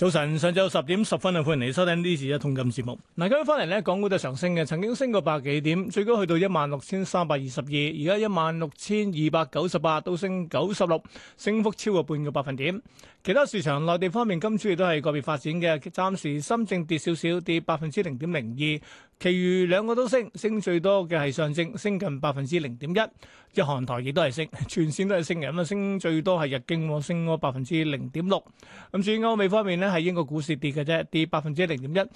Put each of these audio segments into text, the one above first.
早晨，上晝十點十分啊，歡迎嚟收聽呢次嘅通金節目。嗱，今日翻嚟呢，港股就上升嘅，曾經升過百幾點，最高去到一萬六千三百二十二，而家一萬六千二百九十八，都升九十六，升幅超過半個百分點。其他市場內地方面，今次亦都係個別發展嘅，暫時深證跌少少，跌百分之零點零二，其餘兩個都升，升最多嘅係上證，升近百分之零點一，日韓台亦都係升，全線都係升嘅，咁啊，升最多係日經，升咗百分之零點六。咁至於歐美方面呢，係英國股市跌嘅啫，跌百分之零點一。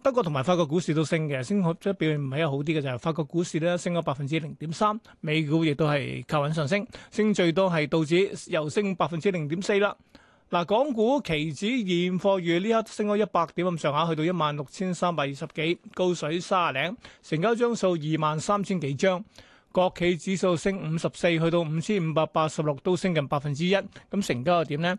德國同埋法國股市都升嘅，升即係表現唔係一個好啲嘅就係法國股市咧，升咗百分之零點三，美股亦都係靠穩上升，升最多係道指又升百分之零點四啦。嗱，港股期指現貨月呢一刻升咗一百點咁上下，去到一萬六千三百二十幾，高水卅零，成交張數二萬三千幾張。國企指數升五十四，去到五千五百八十六，都升近百分之一。咁成交又點咧？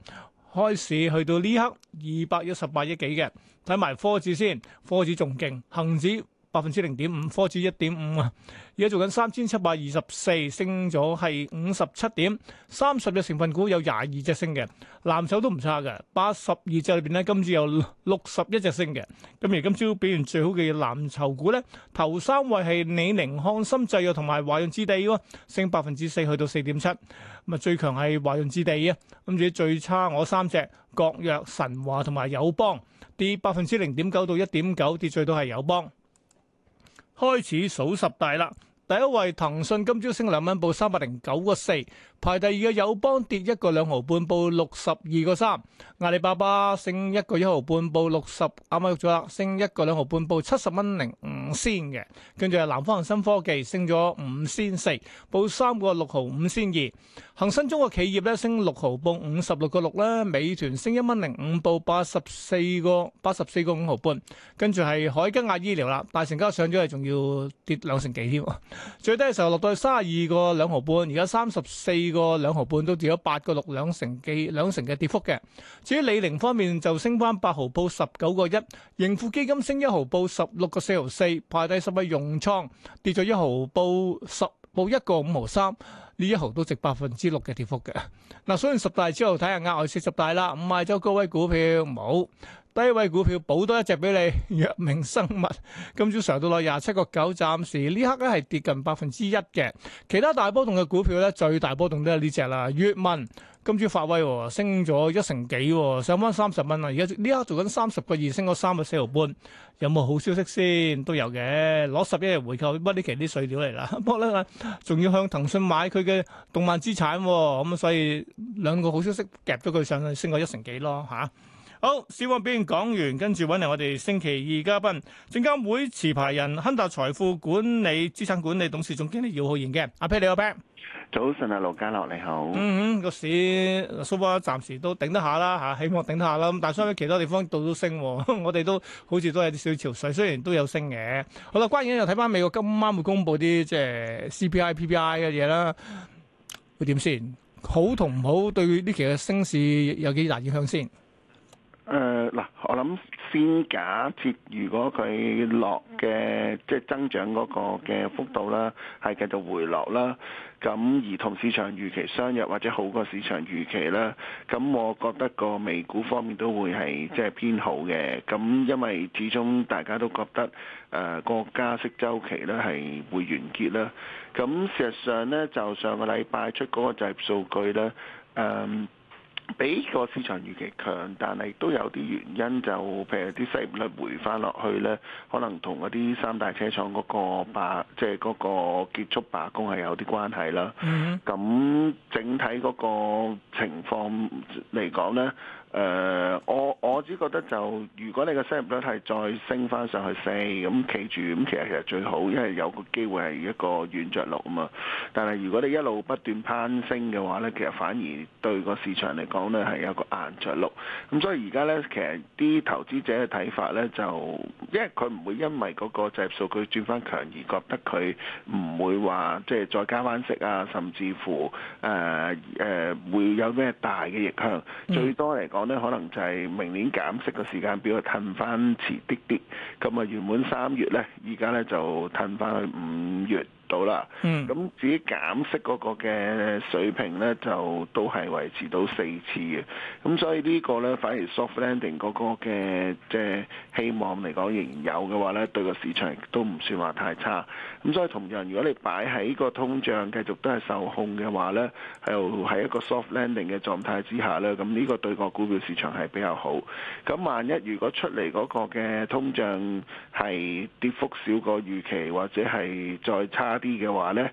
開始去到呢刻二百一十八億幾嘅，睇埋科指先，科指仲勁，恒指百分之零點五，科指一點五啊！而家做緊三千七百二十四，升咗係五十七點三十隻成分股有廿二隻升嘅，藍籌都唔差嘅。八十二隻裏邊咧，今朝有六十一隻升嘅。咁而今朝表現最好嘅藍籌股咧，頭三位係李寧、漢森製藥同埋華潤置地咯，升百分之四去到四點七。咁啊，最強係華潤置地啊。跟住最差我三隻國藥、神華同埋友邦跌百分之零點九到一點九，跌最多係友邦。開始數十大啦，第一位騰訊今朝升兩蚊，報三百零九個四。排第二嘅友邦跌一個兩毫半，報六十二個三；阿里巴巴升一個一毫半，報六十，啱啱喐咗啦，升一個兩毫半，報七十蚊零五仙嘅。跟住係南方恒生科技升咗五仙四，報三個六毫五仙二；恒生中國企業咧升六毫，報五十六個六啦。美團升一蚊零五，報八十四個八十四個五毫半。跟住係海吉亞醫療啦，大成交上咗嚟，仲要跌兩成幾添。最低嘅時候落到去三十二個兩毫半，而家三十四。呢個兩毫半都跌咗八個六兩成記兩成嘅跌幅嘅。至於李寧方面就升翻，八毫報十九個一，盈富基金升一毫報十六個四毫四，排第十位用倉跌咗一毫報十，報一個五毫三，呢一毫都值百分之六嘅跌幅嘅。嗱，所以十大之後睇下額外四十大啦，唔賣咗高位股票唔好。低位股票補多一隻俾你，藥明生物今朝上到落廿七個九，暫時呢刻咧係跌近百分之一嘅。其他大波動嘅股票咧，最大波動都係呢隻啦。閱文今朝發威、哦，升咗一成幾、哦，上翻三十蚊啦。而家呢刻做緊三十個二，升咗三個四毫半。有冇好消息先？都有嘅，攞十一日回購，屈啲其啲碎料嚟啦。不過咧，仲要向騰訊買佢嘅動漫資產、哦，咁所以兩個好消息夾咗佢上去，升咗一成幾咯嚇。好，市況表現講完，跟住揾嚟我哋星期二嘉賓，證監會持牌人亨達財富管理資產管理董事總經理姚浩然嘅。阿 p 你好 p e 早晨啊，盧家樂，你好。嗯嗯，個市蘇波暫時都頂得下啦吓，希望頂得下啦。咁但係相比其他地方到都升， 我哋都好似都有啲小潮水，雖然都有升嘅。好啦，關鍵又睇翻美國今晚會公布啲即係 C P I P P I 嘅嘢啦，會點先？好同唔好，對呢期嘅升市有幾大影響先？誒嗱、呃，我諗先假設，如果佢落嘅即係增長嗰個嘅幅度啦，係繼續回落啦，咁而同市場預期相若或者好過市場預期啦，咁我覺得個美股方面都會係即係偏好嘅，咁因為始終大家都覺得誒個加息週期咧係會完結啦，咁事實上呢，就上個禮拜出嗰個就業數據咧，誒、呃。比個市場預期強，但係都有啲原因，就譬如啲失業率回翻落去呢，可能同嗰啲三大車廠嗰個罷，即係嗰個結束罷工係有啲關係啦。咁整體嗰個情況嚟講呢。誒、呃，我我只覺得就如果你個收入率係再升翻上去四咁企住，咁其實其實最好，因為有個機會係一個軟着陸啊嘛。但係如果你一路不斷攀升嘅話咧，其實反而對個市場嚟講咧係一個硬着陸。咁所以而家咧，其實啲投資者嘅睇法咧，就因為佢唔會因為嗰個就業數據轉翻強而覺得佢唔會話即係再加翻息啊，甚至乎誒誒、呃呃、會有咩大嘅逆向，最多嚟講。我咧可能就係明年減息嘅時間表啊，褪翻遲啲啲，咁啊原本三月咧，而家咧就褪翻去五月。到啦，嗯，咁至於減息嗰個嘅水平呢，就都係維持到四次嘅，咁所以呢個呢，反而 soft landing 嗰個嘅即係希望嚟講仍有嘅話呢，對個市場亦都唔算話太差。咁所以同樣，如果你擺喺個通脹繼續都係受控嘅話呢，又喺一個 soft landing 嘅狀態之下呢，咁呢個對個股票市場係比較好。咁萬一如果出嚟嗰個嘅通脹係跌幅少過預期，或者係再差，啲嘅話咧。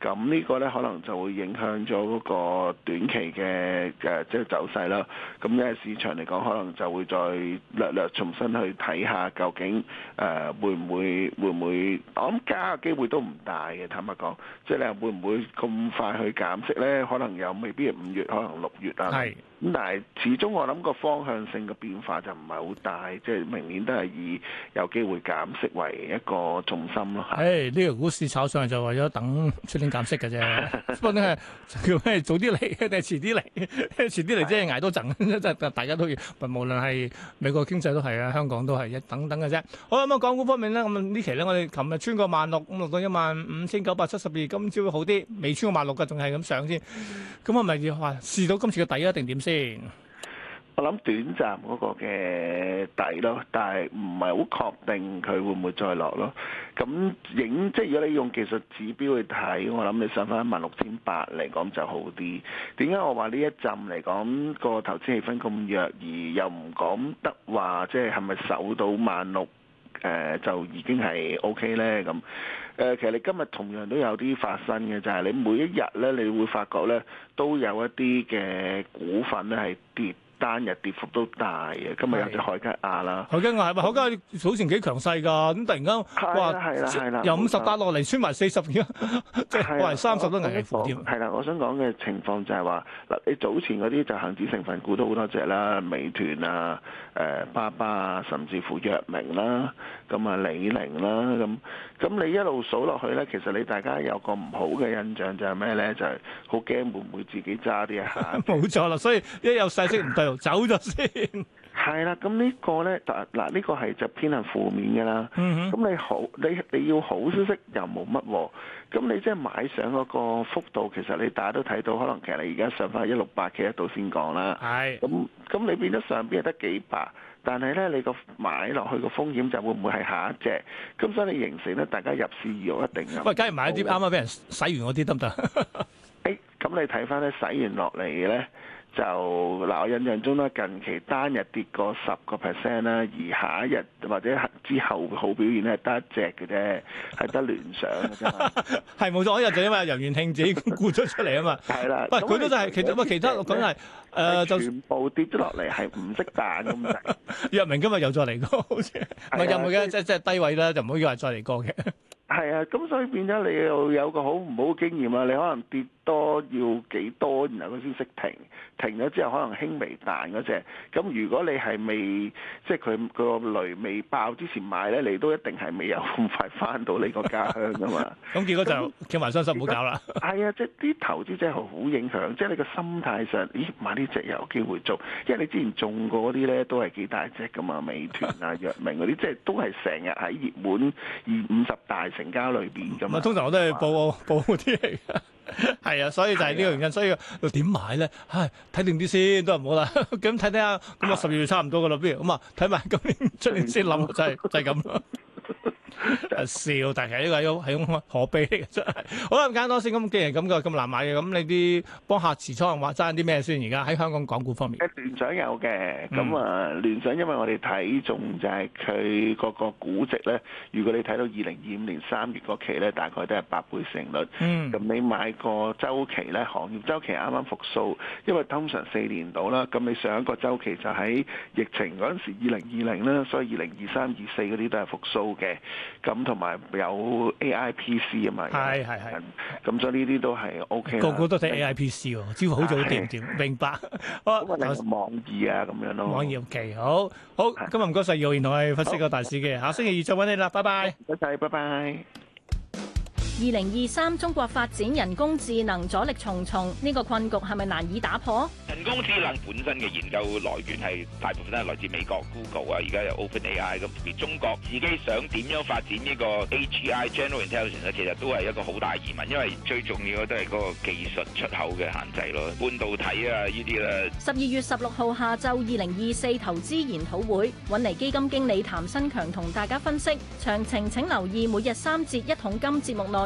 咁呢個呢，可能就會影響咗嗰個短期嘅誒，即係走勢啦。咁呢，市場嚟講，可能就會再略略重新去睇下，究竟誒會唔會會唔會？我諗加嘅機會都唔大嘅，坦白講。即係你，會唔會咁快去減息呢？可能又未必，五月可能六月啊。係。咁但係始終我諗個方向性嘅變化就唔係好大，即係明年都係以有機會減息為一個重心咯。誒，呢個股市炒上嚟就為咗等出。減息嘅啫，不過叫咩早啲嚟定係遲啲嚟？遲啲嚟即係挨多陣，即係大家都要，無論係美國經濟都係啊，香港都係一等等嘅啫。好啦，咁、嗯、啊，港股方面咧，咁呢期咧，我哋琴日穿過萬六，咁落到一萬五千九百七十二，今朝會好啲，未穿過萬六嘅，仲係咁上先。咁我咪要話試到今次嘅底一定點先？我諗短暫嗰個嘅底咯，但係唔係好確定佢會唔會再落咯？咁影即係如果你用技術指標去睇，我諗你上返一萬六千八嚟講就好啲。點解我話呢一陣嚟講，個投資氣氛咁弱，而又唔講得話，即係係咪守到萬六誒就已經係 O K 呢？咁誒、呃，其實你今日同樣都有啲發生嘅，就係、係、你每一日呢，你會發覺呢都有一啲嘅股份呢係跌。單日跌幅都大嘅，今日有隻海吉亞啦。海吉亞係咪海吉亞早前幾強勢㗎？咁突然間話係啦係啦，由五十跌落嚟，穿埋四十，即係破三十都難嘅。係啦，我想講嘅情況就係話嗱，你早前嗰啲就恒指成分股都好多隻啦，美團啊、誒、巴巴啊，甚至乎藥明啦。咁啊李寧啦咁，咁你一路數落去呢，其實你大家有個唔好嘅印象就係咩呢？就係好驚會唔會自己揸啲啊！冇錯啦，所以一有細聲唔對路，走咗先。 係啦，咁、嗯、呢、這個咧，嗱呢個係就偏向負面嘅啦。咁、嗯、哼你好，你你要好消息又冇乜，咁你即係買上嗰個幅度，其實你大家都睇到，可能其實你而家上翻一六八企喺度先講啦。係是，咁咁你變咗上邊得幾百，但係咧你個買落去個風險就會唔會係下一隻？咁所以你形成咧，大家入市要一定。喂，梗係買一啲啱啱俾人洗完嗰啲得唔得？誒，咁、 哎、你睇翻咧，洗完落嚟嘅咧。就嗱，我印象中咧，近期單日跌過十個 percent 啦，而下一日或者之後好表現咧，得一隻嘅啫，係得 聯想，啫 。係冇錯，一日就因為楊元慶自己估咗出嚟啊嘛，係、嗯、啦，唔佢都就係，其實唔係其他，咁係就全部跌咗落嚟係唔識彈咁滯。藥 明今日又再嚟過，好似。又唔會嘅，即係即係低位啦，就唔可以話再嚟過嘅。係啊，咁所以變咗你又有個好唔好嘅經驗啊？你可能跌多要幾多，然後佢先識停。停咗之後，可能輕微彈嗰隻。咁如果你係未即係佢個雷未爆之前買咧，你都一定係未有咁快返到你個家鄉㗎嘛。咁、 嗯、結果就傾埋傷心，唔好那搞啦。係啊、哎，即係啲投資者好影響，即係你個心態上，咦買呢隻有機會做，因為你之前中過嗰啲咧都係幾大隻㗎嘛，美團啊、藥明嗰啲，即係都係成日喺熱門二五十大。成交裏邊咁啊，通常我都係報哇報啲嚟㗎，係 啊，所以就係呢個原因。啊、所以要點買咧？唉，睇定啲先，都唔好啦。咁睇睇下，咁啊十二月差唔多噶啦， 不如咁啊，睇埋今年出年先諗、 就係，就係就係咁啦。 啊、笑，但係呢個係可悲真係。好啦，唔緊多先。咁既然感覺咁難買嘅，咁你啲幫客持倉話爭啲咩先？而家喺香港港股方面，聯想有嘅。咁啊、嗯，聯想因為我哋睇中就係佢個個估值咧。如果你睇到二零二五年三月嗰期咧，大概都係八倍成率。咁、嗯、你買個週期咧，行業週期啱啱復甦，因為通常、um、四年到啦。咁你上一個週期就喺疫情嗰陣時，二零二零啦，所以二零二三、二四嗰啲都係復甦嘅。咁同埋有 AIPC 啊嘛，係係係，咁所以呢啲都係 O.K. 啦。個個都睇 AIPC 喎，招呼好早啲掂掂明白？啊，網易啊咁樣咯。網易 OK，好好，今日唔該曬，我然後我哋分析個大市嘅，下星期二再揾你啦，拜拜。唔該拜拜。二零二三中國發展人工智能阻力重重，呢個困局係咪難以打破？人工智能本身嘅研究來源係大部分都係來自美國 Google 啊，而家有 OpenAI 咁。而中國自己想點樣發展呢個 AGI General Intelligence 咧，其實都係一個好大疑問，因為最重要嘅都係嗰個技術出口嘅限制咯，半導體啊呢啲啦。十二月十六號下晝二零二四投資研討會，揾嚟基金經理譚新強同大家分析詳情，請留意每日三節一桶金節目內。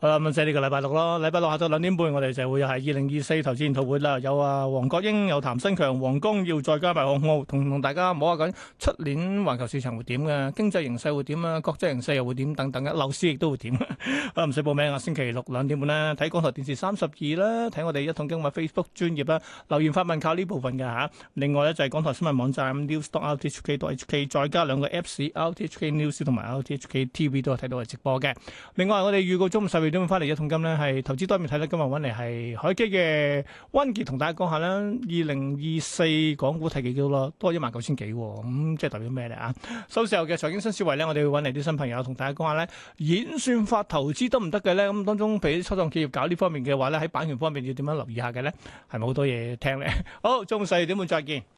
好啦，咁即係呢個禮拜六咯，禮拜六下晝兩點半，我哋就會又係二零二四投資研討會啦，有阿黃國英，有譚新強，黃光耀再加埋王浩，同同大家摸下緊，出年環球市場會點嘅，經濟形勢會點啊，國際形勢又會點等等嘅，樓市亦都會點啊，唔使報名啊，星期六兩點半咧，睇港台電視三十二啦，睇我哋一統經文 Facebook 專頁啦，留言發問靠呢部分嘅吓，另外咧就係港台新聞網站 news.rthk.hk，再加兩個 Apps，RTHK News 同埋 RTHK TV 都係睇到係直播嘅，另外我哋預告中午十二。點樣翻嚟一桶金咧？係投資多面睇咧，今日揾嚟係凱基嘅温傑同大家講下啦。二零二四港股睇幾多咯？多一萬九千幾，咁、嗯、即係代表咩咧啊？收市後嘅財經新思維咧，我哋會揾嚟啲新朋友同大家講下咧，演算法投資得唔得嘅咧？咁當中俾初創企業搞呢方面嘅話咧，喺版權方面要點樣留意下嘅咧？係咪好多嘢聽咧？好，中午十二點半再見。